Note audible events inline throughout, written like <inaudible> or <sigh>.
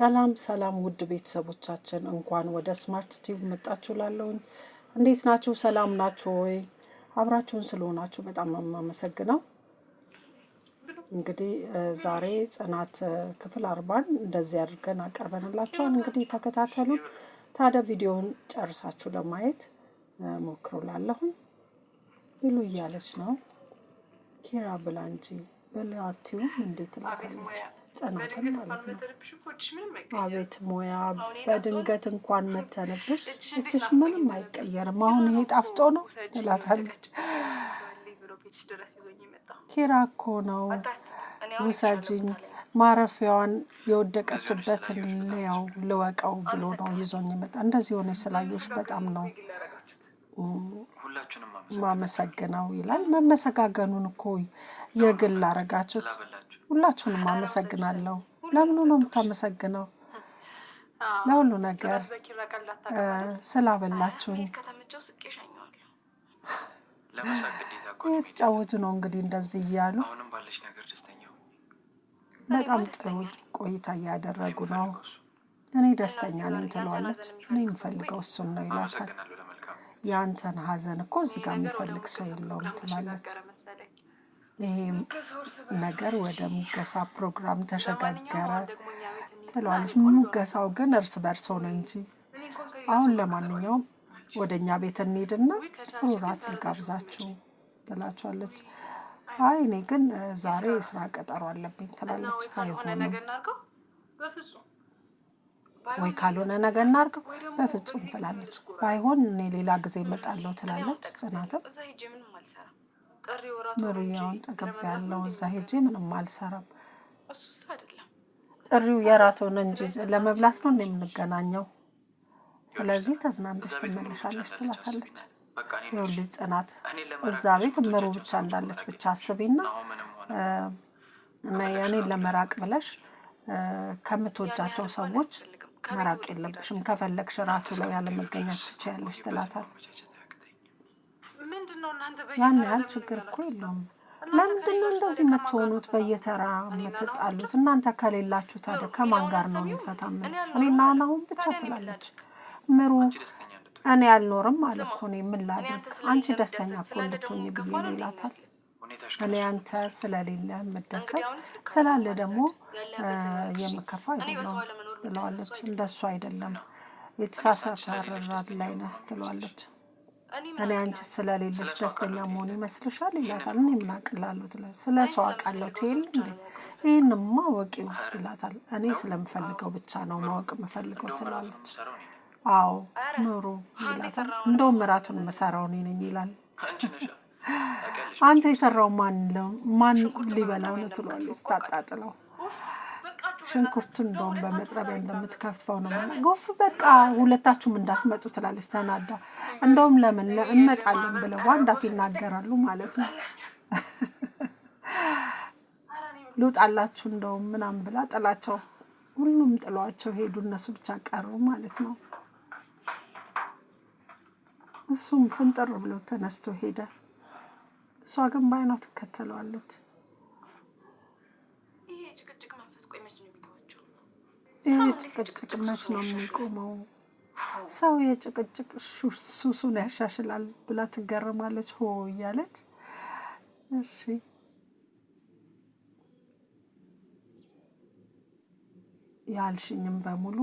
ሰላም ሰላም ውድ ቤተሰቦቻችን እንኳን ወደ ስማርት ቲቪ መጣችሁ። ላለውኝ እንዴት ናችሁ? ሰላም ናችሁ ወይ? አብራችሁን ስለሆናችሁ በጣም የማመሰግነው። እንግዲህ ዛሬ ጽናት ክፍል አርባን እንደዚህ አድርገን አቀርበንላችኋል። እንግዲህ ተከታተሉን። ታዲያ ቪዲዮውን ጨርሳችሁ ለማየት ሞክሮ ላለሁኝ ይሉ እያለች ነው ኪራ ብላ እንጂ እንዴት ላታለች ጽናትን ማለት ነው። አቤት ሙያ! በድንገት እንኳን መተንብሽ እችሽ ምንም አይቀየርም። አሁን ይሄ ጣፍጦ ነው እላታለች። ኪራ እኮ ነው ውሰጅኝ፣ ማረፊያዋን የወደቀችበትን ያው ልወቀው ብሎ ነው ይዞኝ የመጣ። እንደዚህ የሆነች ስላየሽ በጣም ነው ማመሰግነው ይላል። መመሰጋገኑን እኮ የግል አረጋችሁት ሁላችሁንም አመሰግናለሁ። ለምኑ ነው የምታመሰግነው? ለሁሉ ነገር ስላበላችሁኝ። የተጫወቱ ነው እንግዲህ እንደዚህ እያሉ በጣም ጥሩ ቆይታ እያደረጉ ነው። እኔ ደስተኛ ነኝ ትለዋለች። እኔ የምፈልገው እሱን ነው ይላታል። የአንተን ሀዘን እኮ እዚህ ጋር የሚፈልግ ሰው የለውም ትላለች። ይሄም ነገር ወደ ሙገሳ ፕሮግራም ተሸጋገረ ትለዋለች። ሙገሳው ግን እርስ በርስ ሆነ እንጂ አሁን ለማንኛውም ወደ እኛ ቤት እንሂድና ጥሩ ራት ልጋብዛችሁ ትላቸዋለች። አይ እኔ ግን ዛሬ የስራ ቀጠሮ አለብኝ ትላለች። አይሆንም ወይ ካልሆነ ነገ እናርገው በፍጹም ትላለች። ባይሆን እኔ ሌላ ጊዜ እመጣለሁ ትላለች ጽናትም ምሩያውን ጠገብ ያለው እዛ ሄጄ ምንም አልሰራም። ጥሪው የራቶን እንጂ ለመብላት ነው የምንገናኘው። ስለዚህ ተዝናንተሽ ትመለሻለሽ ትላታለች። ይኸውልሽ ጽናት፣ እዛ ቤት እምሩ ብቻ እንዳለች ብቻ አስቢና እኔን ለመራቅ ብለሽ ከምትወጃቸው ሰዎች መራቅ የለብሽም። ከፈለግሽ ራቱ ላይ ያለመገኘት ትችያለሽ ትላታለች። ያን ያህል ችግር እኮ የለውም። ለምንድን ነው እንደዚህ የምትሆኑት? በየተራ የምትጣሉት እናንተ ከሌላችሁ ታዲያ ከማን ጋር ነው የሚፈታምን? እኔና አሁን ብቻ ትላለች ምሩ። እኔ አልኖርም አለ እኮ እኔ ምን ላድርግ? አንቺ ደስተኛ እኮ እንድትሆኝ ብዬ ነው ይላታል። እኔ አንተ ስለሌለ የምደሰት ስላለ ደግሞ የምከፋ አይደለም ትለዋለች። እንደሱ አይደለም የተሳሳተ አረዳድ ላይ ነህ ትለዋለች። እኔ አንቺ ስለሌለች ደስተኛ መሆን ይመስልሻል ይላታል። እኔ ምን አቅላለሁ ትላለች። ስለ ሰው አውቃለሁ ትል እንዴ ይህንማ ወቂው ይላታል። እኔ ስለምፈልገው ብቻ ነው ማወቅ የምፈልገው ትላለች። አዎ ኑሩ ይላታል። እንደውም እራቱን የምሰራው እኔ ነኝ ይላል። አንተ የሰራው ማን ሊበላው ነው ትሏል። ስታጣጥለው ሽንኩርቱን እንደውም በመጥረቢያ እንደምትከፋው ነው። ጎፍ በቃ ሁለታችሁም እንዳትመጡ ትላለች ተናዳ። እንደውም ለምን እንመጣለን ብለው ዋንዳፍ ይናገራሉ ማለት ነው። ልውጣላችሁ እንደውም ምናምን ብላ ጥላቸው ሁሉም ጥሏቸው ሄዱ። እነሱ ብቻ ቀሩ ማለት ነው። እሱም ፍንጥር ብሎ ተነስቶ ሄደ። እሷ ግን በአይኗ ትከተለዋለች። የጭቅጭቅ መንፈስ ቆይ መች ነው የሚተዋቸው? ይህ የጭቅጭቅ መች ነው የሚቆመው? ሰው የጭቅጭቅ ሱሱን ያሻሽላል ብላ ትገረማለች። ሆ እያለች እሺ ያልሽኝም በሙሉ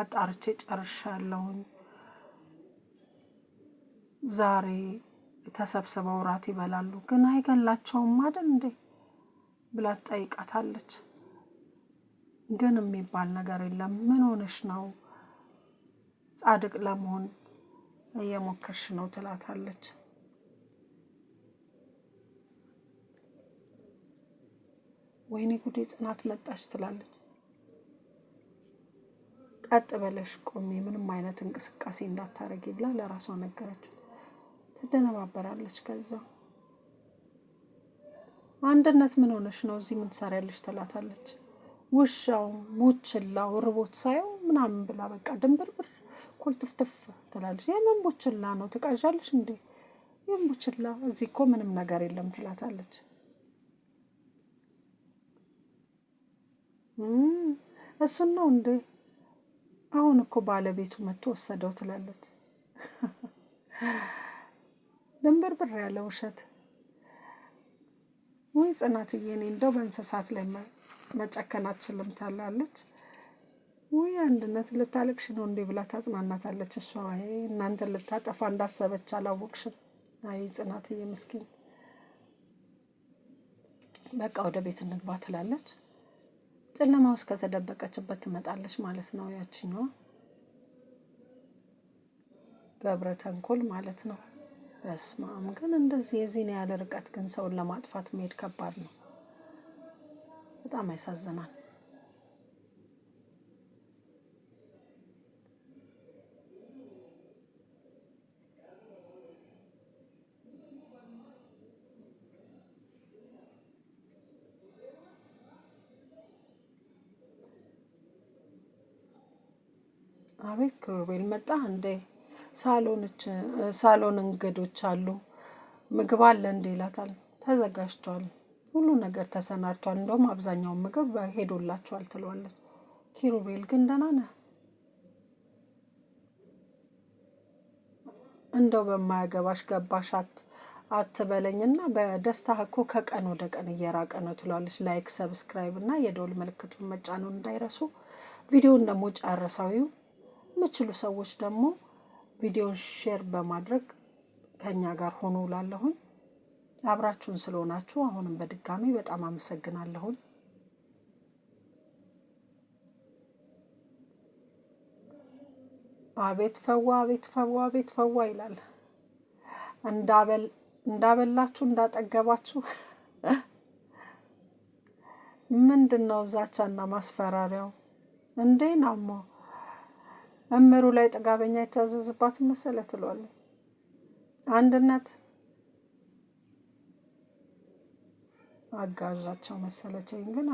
አጣርቼ ጨርሻለሁኝ። ዛሬ ተሰብስበው እራት ይበላሉ። ግን አይገላቸውም አይደል እንዴ? ብላ ትጠይቃታለች። ግን የሚባል ነገር የለም። ምን ሆነሽ ነው ጻድቅ ለመሆን እየሞከርሽ ነው ትላታለች። ወይኔ ጉዴ ጽናት መጣች ትላለች። ቀጥ በለሽ ቆሚ፣ ምንም አይነት እንቅስቃሴ እንዳታረጊ ብላ ለራሷ ነገረችው። ትደነባበራለች ከዛ አንድነት ምን ሆነሽ ነው እዚህ ምን ትሰሪያለሽ? ትላታለች። ውሻው ቡችላው ርቦት ሳየው ምናምን ብላ በቃ ድንብርብር ኮልትፍትፍ ትላለች። የምን ቡችላ ነው ትቃዣለሽ እንዴ? ይህም ቡችላ እዚህ እኮ ምንም ነገር የለም ትላታለች። እሱን ነው እንዴ? አሁን እኮ ባለቤቱ መጥቶ ወሰደው ትላለች። ድንብርብር ያለ ውሸት ወይ ጽናትዬ እኔ እንደው በእንስሳት ላይ መጨከን አትችልም ታላለች። ወይ አንድነት ልታለቅሽ ነው እንዴ ብላ ታጽናናታለች። እሷ እናንተ ልታጠፋ እንዳሰበች አላወቅሽም። አይ ጽናትዬ ምስኪን በቃ ወደ ቤት እንግባ ትላለች። ጨለማ ውስጥ ከተደበቀችበት ትመጣለች ማለት ነው ያችኛዋ ገብረ ተንኮል ማለት ነው። በስማም ግን እንደዚህ የዚህን ያለ ርቀት ግን ሰውን ለማጥፋት መሄድ ከባድ ነው። በጣም ያሳዝናል። አቤት ክሩቤል መጣ እንዴ? ሳሎኖች ሳሎን እንግዶች አሉ። ምግብ አለ እንዴ ይላታል ተዘጋጅቷል ሁሉ ነገር ተሰናድቷል እንደውም አብዛኛውን ምግብ ሄዶላቸዋል ትለዋለች። ኪሩቤል ግን ደህና ነህ? እንደው በማያገባሽ ገባሽ አትበለኝና በደስታ እኮ ከቀን ወደ ቀን እየራቀ ነው ትሏለች። ላይክ ሰብስክራይብ እና የደውል ምልክቱን መጫኑን እንዳይረሱ። ቪዲዮን ደግሞ ጨርሰው ይዩ የምችሉ ሰዎች ደግሞ ቪዲዮን ሼር በማድረግ ከኛ ጋር ሆኖ ላለሁኝ አብራችሁን ስለሆናችሁ አሁንም በድጋሚ በጣም አመሰግናለሁኝ። አቤት ፈዋ፣ አቤት ፈዋ፣ አቤት ፈዋ ይላል። እንዳበላችሁ እንዳጠገባችሁ <laughs> ምንድን ነው ማስፈራሪያው እንዴ ናማ? እምሩ ላይ ጥጋበኛ የታዘዝባትን መሰለ ትሏለች። አንድነት አጋዣቸው መሰለችኝ፣ ግን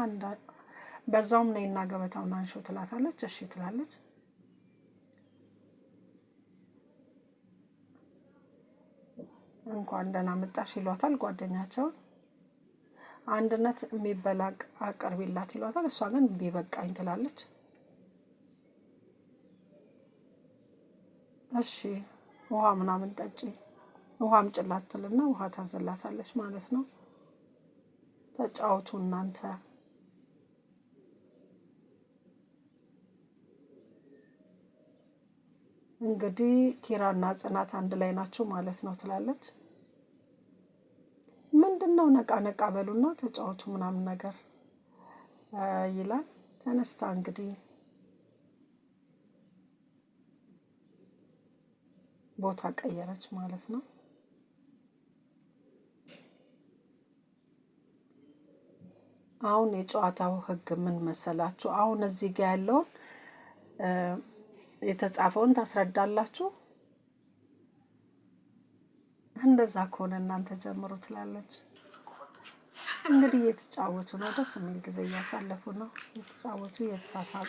በዛውም ነይና ገበታውን አንሾ ትላታለች። እሺ ትላለች። እንኳን ደህና መጣሽ ይሏታል ጓደኛቸውን። አንድነት የሚበላቅ አቅርቢላት ይሏታል። እሷ ግን ቢበቃኝ ትላለች። እሺ ውሃ ምናምን ጠጪ ውሃም ጭላት ና ውሃ ታዘላታለች ማለት ነው። ተጫወቱ እናንተ እንግዲህ ኪራና ጽናት አንድ ላይ ናቸው ማለት ነው ትላለች። ነው ነቃ ነቃ በሉና ተጫወቱ ምናምን ነገር ይላል። ተነስታ እንግዲህ ቦታ ቀየረች ማለት ነው። አሁን የጨዋታው ህግ ምን መሰላችሁ? አሁን እዚህ ጋር ያለውን የተጻፈውን ታስረዳላችሁ። እንደዛ ከሆነ እናንተ ጀምሮ ትላለች። እንግዲህ እየተጫወቱ ነው። ደስ የሚል ጊዜ እያሳለፉ ነው። እየተጫወቱ እየተሳሳቁ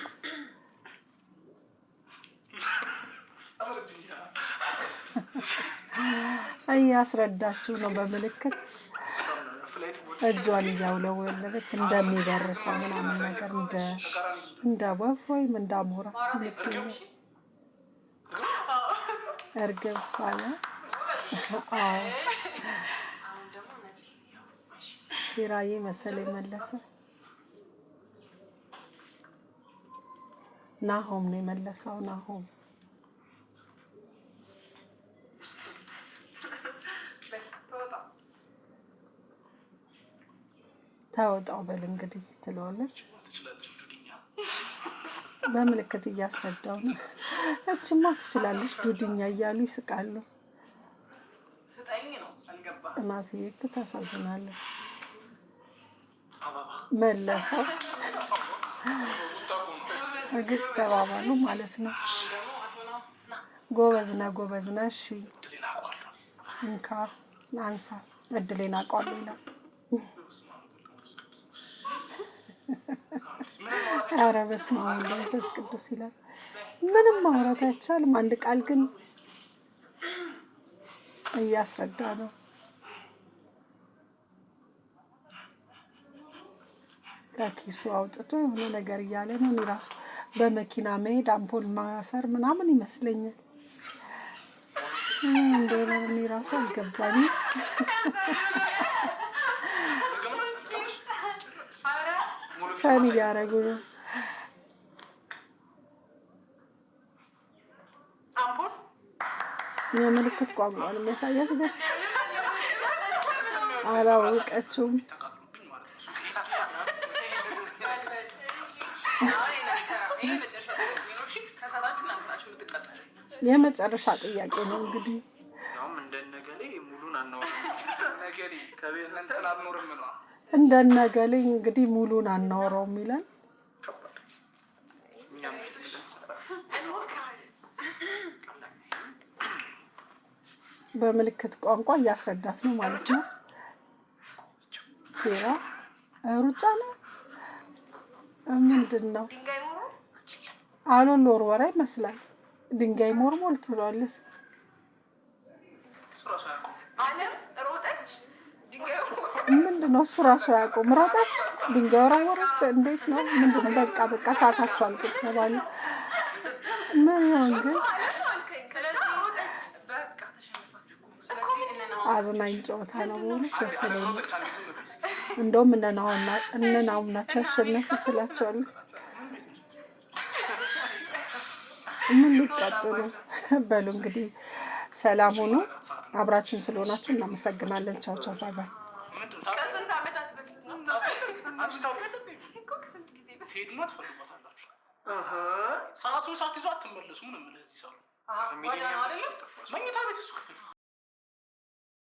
እያስረዳችው ነው በምልክት እጇን እያውለወለበች እንደሚደርሰ ምናምን ነገር እንደ ወፍ ወይም እንደ አሞራ ምስል እርግብ አለ። ኪራዬ መሰል የመለሰ ናሆም ነው የመለሰው ናሆም ታወጣው በል እንግዲህ ትለዋለች። በምልክት እያስረዳው ነው። እችማ ትችላለች ዱድኛ እያሉ ይስቃሉ። ጽናት ይክ ታሳዝናለች። መለሰው እግፍ ተባባሉ ማለት ነው። ጎበዝና ጎበዝና እሺ እንካ አንሳ እድሌን አውቀዋለሁ ይላል። ኧረ በስመ አብ መንፈስ ቅዱስ ይላል። ምንም ማውራት አይቻልም። አንድ ቃል ግን እያስረዳ ነው። ከኪሱ አውጥቶ የሆነ ነገር እያለ ነው። እኔ በመኪና መሄድ አምፖል ማሰር ምናምን ይመስለኛል። እንደሆነ እኔ ራሱ አልገባኝም። ፈን እያደረጉ ነው። የምልክት ቋንቋን የሚያሳያት ግን አላወቀችውም። የመጨረሻ ጥያቄ ነው እንግዲህ እንደነገሌ እንግዲህ ሙሉን አናወራውም ይላል። በምልክት ቋንቋ እያስረዳት ነው ማለት ነው። ሩጫ ነው ምንድን ነው? አሎን ወርወራ ይመስላል። ድንጋይ ሞርሞል ትሏለች። ምንድን ነው እሱ ራሱ አያውቁም። ሮጠች፣ ድንጋይ ወረወረች። እንዴት ነው ምንድን ነው? በቃ በቃ ሰዓታቸው አልቆ ተባሉ። ምን ነው ግን አዝናኝ ጨዋታ ነው። በእውነት ደስ ብሎኛል። እንደውም እነናሁም ናቸው ያሸነፉ ትላቸዋለች። ምን ሊቀጡ ነው? በሉ እንግዲህ ሰላም ሆኖ አብራችን ስለሆናችሁ እናመሰግናለን። ቻው ቻው ባይ ሰዓቱን ሰዓት ይዞ አትመለሱም። ምንም ለዚህ ሰው መኝታ ቤት እሱ ክፍል